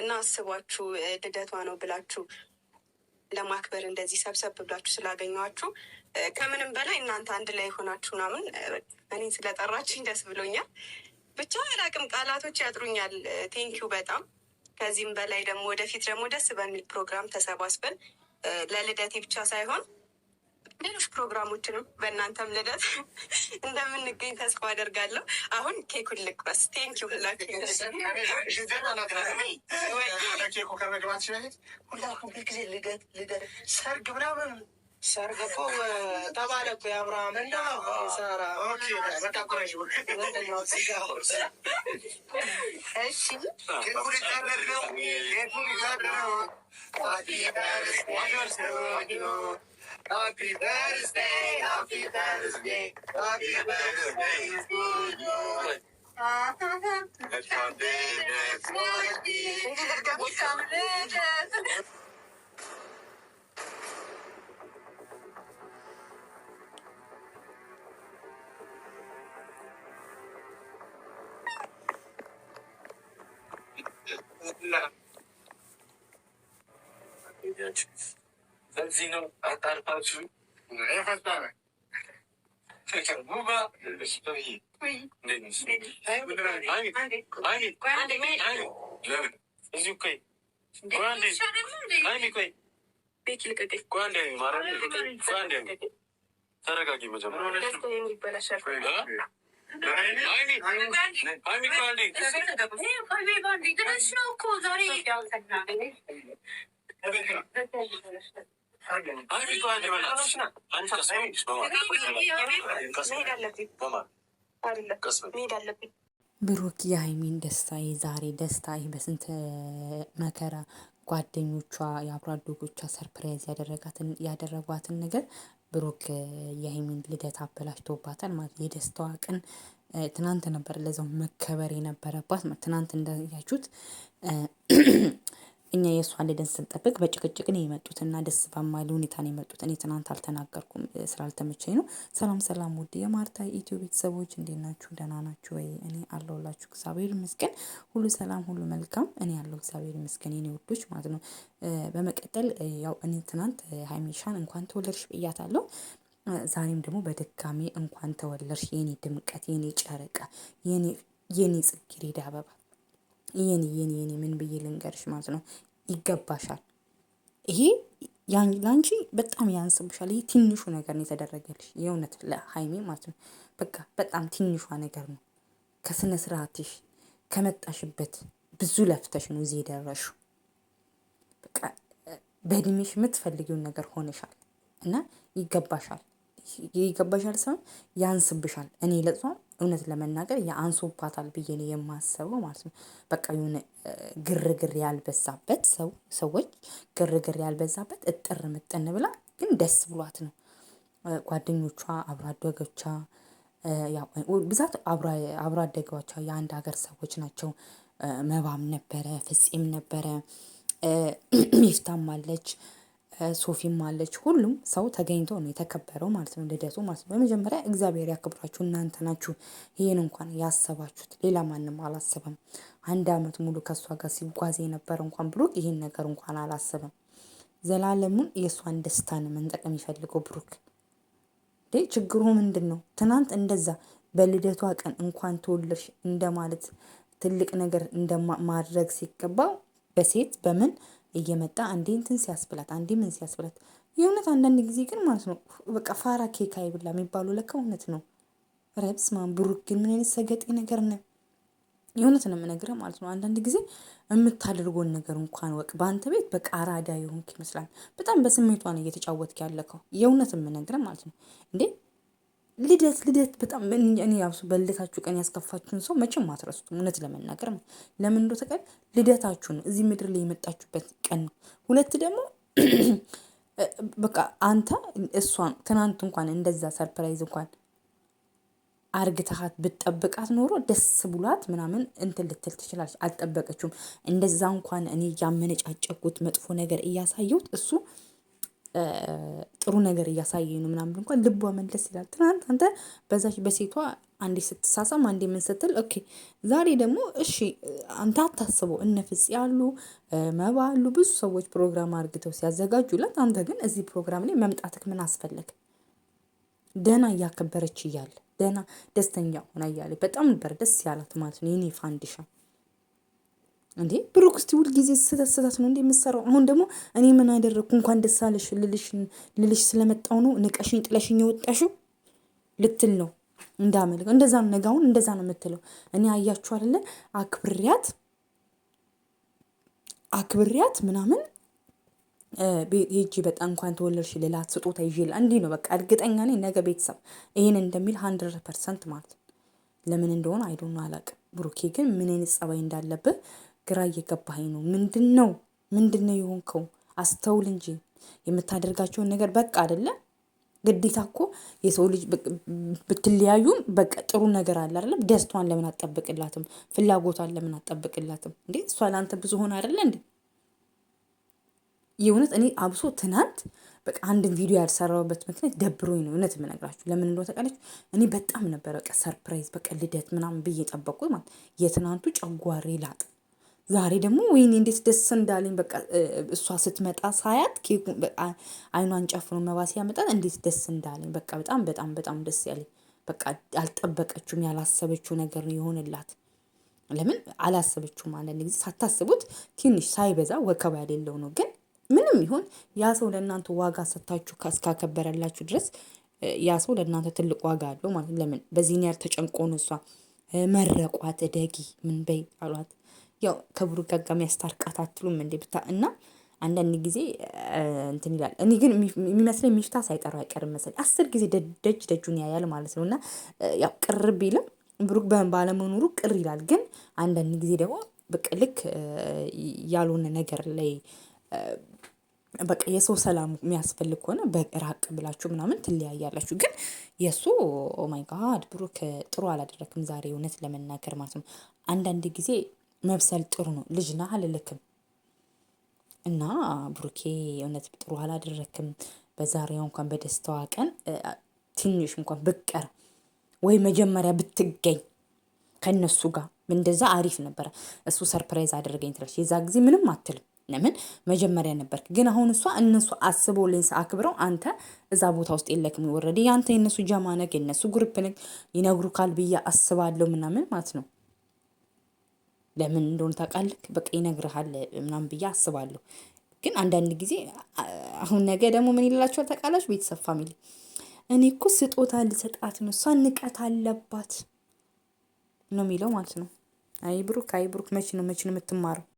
እና አስቧችሁ ልደቷ ነው ብላችሁ ለማክበር እንደዚህ ሰብሰብ ብላችሁ ስላገኘኋችሁ ከምንም በላይ እናንተ አንድ ላይ የሆናችሁ ምናምን እኔን ስለጠራችሁኝ ደስ ብሎኛል። ብቻ አላቅም ቃላቶች ያጥሩኛል። ቴንኪው በጣም ከዚህም በላይ ደግሞ ወደፊት ደግሞ ደስ በሚል ፕሮግራም ተሰባስበን ለልደቴ ብቻ ሳይሆን ሌሎች ፕሮግራሞችንም በእናንተም ልደት እንደምንገኝ ተስፋ አደርጋለሁ። አሁን ኬኩን ልቅመስ። ቴንክ ዩ ሁላችሁ ሰርግ ምናምን ሰርግ እኮ ተባለ እኮ የአብርሃም እና ሳራ። Happy birthday, happy birthday, happy birthday to you. That's my baby. That's my baby. What's up, ladies? Yeah, chief. በዚህ ነው አጣርታችሁ የፈታ ተረጋጊ መጀመሪያ ብሩክ የሀይሚን ደስታ የዛሬ ደስታ ይህ በስንት መከራ ጓደኞቿ የአብሮ አደጎቿ ሰርፕራይዝ ያደረጓትን ነገር ብሩክ የሀይሚን ልደት አበላሽቶባታል ማለት የደስታዋ ቀን ትናንት ነበር። ለዛው መከበር የነበረባት ትናንት እንዳያችሁት እኛ የእሷን ልደን ስንጠብቅ በጭቅጭቅ ነው የመጡትና ደስ በማይል ሁኔታ ነው የመጡት። እኔ ትናንት አልተናገርኩም ስላልተመቸኝ ነው። ሰላም ሰላም፣ ውድ የማርታ ኢትዮ ቤተሰቦች እንዴት ናችሁ? ደህና ናችሁ ወይ? እኔ አለሁላችሁ እግዚአብሔር ይመስገን፣ ሁሉ ሰላም፣ ሁሉ መልካም። እኔ አለሁ እግዚአብሔር ይመስገን፣ የኔ ውዶች ማለት ነው። በመቀጠል ያው እኔ ትናንት ሀይሚሻን እንኳን ተወለድሽ ብያታለሁ። ዛሬም ደግሞ በድጋሜ እንኳን ተወለድሽ የኔ ድምቀት፣ የኔ ጨረቃ፣ የኔ ጽጌረዳ አበባ የኔ የኔ የኔ ምን ብዬ ልንገርሽ ማለት ነው ይገባሻል። ይሄ ለአንቺ በጣም ያንስብሻል። ይሄ ትንሹ ነገር ነው የተደረገልሽ የእውነት ለሀይሜ ማለት ነው። በቃ በጣም ትንሿ ነገር ነው። ከስነ ስርዓትሽ ከመጣሽበት ብዙ ለፍተሽ ነው እዚህ የደረሹ በቃ በእድሜሽ የምትፈልጊውን ነገር ሆነሻል እና ይገባሻል። ይገባሻል ሳይሆን ያንስብሻል። እኔ ለጽም እውነት ለመናገር የአንሶባታል ብዬ ነው የማስበው ማለት ነው። በቃ የሆነ ግርግር ያልበዛበት ሰው ሰዎች ግርግር ያልበዛበት እጥር ምጥን ብላ ግን ደስ ብሏት ነው። ጓደኞቿ አብሮ አደጎቿ ብዛት አብሮ አብሮ የአንድ ሀገር ሰዎች ናቸው። መባም ነበረ ፍፄም ነበረ ሚፍታም አለች ሶፊም አለች ሁሉም ሰው ተገኝቶ ነው የተከበረው ማለት ነው ልደቱ ማለት ነው። በመጀመሪያ እግዚአብሔር ያክብራችሁ እናንተ ናችሁ ይህን እንኳን ያሰባችሁት፣ ሌላ ማንም አላሰበም። አንድ አመት ሙሉ ከእሷ ጋር ሲጓዝ የነበረ እንኳን ብሩክ ይህን ነገር እንኳን አላሰበም። ዘላለሙን የእሷን ነው መንጠቅ የሚፈልገው ብሩክ ችግሩ ምንድን ነው? ትናንት እንደዛ በልደቷ ቀን እንኳን ተወለድሽ እንደማለት ትልቅ ነገር እንደማድረግ ሲገባው በሴት በምን እየመጣ አንዴ እንትን ሲያስብላት፣ አንዴ ምን ሲያስብላት የእውነት አንዳንድ ጊዜ ግን ማለት ነው በቃ ፋራ ኬክ አይብላ የሚባሉ ለካ እውነት ነው። ረብስ ማን ብሩክ ግን ምን አይነት ሰገጤ ነገር ነው? የእውነት ነው የምነግርህ ማለት ነው። አንዳንድ ጊዜ የምታደርገውን ነገር እንኳን ወቅ በአንተ ቤት በቃ አራዳ የሆንክ ይመስላል። በጣም በስሜቷ ነው እየተጫወትክ ያለከው። የእውነት የምነግርህ ማለት ነው እንዴ ልደት ልደት በጣም እኔ ያብሱ በልደታችሁ ቀን ያስከፋችሁን ሰው መቼም አትረሱትም። እውነት ለመናገር ነው ለምን እንደው ተቀን ልደታችሁ ነው እዚህ ምድር ላይ የመጣችሁበት ቀን ነው። ሁለት ደግሞ በቃ አንተ እሷን ትናንት እንኳን እንደዛ ሰርፕራይዝ እንኳን አርግተሃት ብትጠብቃት ኖሮ ደስ ብሏት ምናምን እንትን ልትል ትችላለች። አልጠበቀችውም። እንደዛ እንኳን እኔ ያመነጫጨኩት መጥፎ ነገር እያሳየሁት እሱ ጥሩ ነገር እያሳየኝ ነው ምናምን እንኳን ልቧ መለስ ይላል። ትናንት አንተ በዛች በሴቷ አንዴ ስትሳሳም አንዴ ምን ስትል ኦኬ፣ ዛሬ ደግሞ እሺ፣ አንተ አታስበው እነ ፍጽ ያሉ መባ ያሉ ብዙ ሰዎች ፕሮግራም አርግተው ሲያዘጋጁላት፣ አንተ ግን እዚህ ፕሮግራም ላይ መምጣትክ ምን አስፈለግ? ደህና እያከበረች እያለ ደህና ደስተኛ ሆና እያለ በጣም ነበር ደስ ያላት ማለት ነው የኔ ፋንዲሻ እንዴ ብሩክ እስቲ ሁል ጊዜ ስህተት ስህተት ነው እንዴ የምትሰራው? አሁን ደግሞ እኔ ምን አደረግኩ? እንኳን ደስ አለሽ ልልሽ ስለመጣው ነው ንቀሽኝ ጥለሽኝ የወጣሽው ልትል ነው እንዳመልከው። እንደዛ ነው። ነጋውን እንደዛ ነው የምትለው። እኔ አያችሁ አይደለ አክብሪያት አክብሪያት ምናምን ሄጂ በጣም እንኳን ተወለድሽ ልላት ስጦታ ይዤላ እንዲህ ነው በቃ። እርግጠኛ ነኝ ነገ ቤተሰብ ይህን እንደሚል ሀንድረድ ፐርሰንት ማለት ለምን እንደሆነ አይዶና አላውቅም። ብሩኬ ግን ምን አይነት ጸባይ እንዳለብህ ግራ እየገባኸኝ ነው። ምንድን ነው ምንድን ነው የሆንከው? አስተውል እንጂ የምታደርጋቸውን ነገር በቃ አደለ። ግዴታ እኮ የሰው ልጅ ብትለያዩም በቃ ጥሩ ነገር አለ አይደለም። ደስቷን ለምን አጠብቅላትም? ፍላጎቷን ለምን አጠብቅላትም? እንዴ እሷ ለአንተ ብዙ ሆነ አደለ እንዴ? የእውነት እኔ አብሶ ትናንት በቃ አንድን ቪዲዮ ያልሰራሁበት ምክንያት ደብሮኝ ነው። እውነት የምነግራችሁ ለምን እንደሆነ ተቃለች። እኔ በጣም ነበር በቃ ሰርፕራይዝ በቃ ልደት ምናምን ብዬ ጠበቁ ማለት የትናንቱ ጨጓሬ ላጥ ዛሬ ደግሞ ወይኔ እንዴት ደስ እንዳለኝ በቃ እሷ ስትመጣ ሳያት ኬኩ አይኗን ጨፍኖ መባ ሲያመጣት እንዴት ደስ እንዳለኝ በቃ በጣም በጣም በጣም ደስ ያለኝ በቃ አልጠበቀችውም። ያላሰበችው ነገር የሆነላት ለምን አላሰበችውም? አንዳንድ ጊዜ ሳታስቡት ትንሽ ሳይበዛ ወከባ ያሌለው ነው። ግን ምንም ይሁን ያ ሰው ለእናንተ ዋጋ ሰታችሁ እስካከበረላችሁ ድረስ ያ ሰው ለእናንተ ትልቅ ዋጋ አለው ማለት ለምን በዚህ ኒያር ተጨንቆ ነው። እሷ መረቋት፣ እደጊ ምን በይ አሏት ያው ከብሩክ ጋር የሚያስታርቃት አትሉም እንዴ ብታ እና አንዳንድ ጊዜ እንትን ይላል። እኔ ግን የሚመስለኝ ሚፍታ ሳይጠራው አይቀርም መሰለኝ። አስር ጊዜ ደጅ ደጁን ያያል ማለት ነው። እና ያው ቅር ቢልም ብሩክ ባለመኖሩ ቅር ይላል። ግን አንዳንድ ጊዜ ደግሞ በቃ ልክ ያልሆነ ነገር ላይ በቃ የሰው ሰላም የሚያስፈልግ ከሆነ በራቅ ብላችሁ ምናምን ትለያያላችሁ። ግን የእሱ ኦማይ ጋድ ብሩክ ጥሩ አላደረክም ዛሬ እውነት ለመናገር ማለት ነው አንዳንድ ጊዜ መብሰል ጥሩ ነው። ልጅ ነህ አልልክም። እና ብሩኬ እውነት ጥሩ አላደረክም። በዛሬዋ እንኳን በደስታዋ ቀን ትንሽ እንኳን ብቀር ወይ መጀመሪያ ብትገኝ ከእነሱ ጋር እንደዛ አሪፍ ነበረ። እሱ ሰርፕራይዝ አደረገኝ ትላለች። የዛ ጊዜ ምንም አትልም። ለምን መጀመሪያ ነበርክ። ግን አሁን እሷ እነሱ አስበውልን አክብረው፣ አንተ እዛ ቦታ ውስጥ የለክም። ወረደ ያንተ የእነሱ ጀማ ነግ የእነሱ ግሩፕ ነግ ይነግሩካል ብዬ አስባለሁ ምናምን ማለት ነው። ለምን እንደሆነ ታውቃለህ በቃ ይነግርሃል ምናምን ብዬ አስባለሁ። ግን አንዳንድ ጊዜ አሁን ነገ ደግሞ ምን ይላቸዋል ታውቃላችሁ ቤተሰብ ፋሚሊ እኔ እኮ ስጦታ ልሰጣት ነው እሷ ንቀት አለባት ነው የሚለው ማለት ነው። አይ ብሩክ አይ ብሩክ መቼ ነው መቼ ነው የምትማረው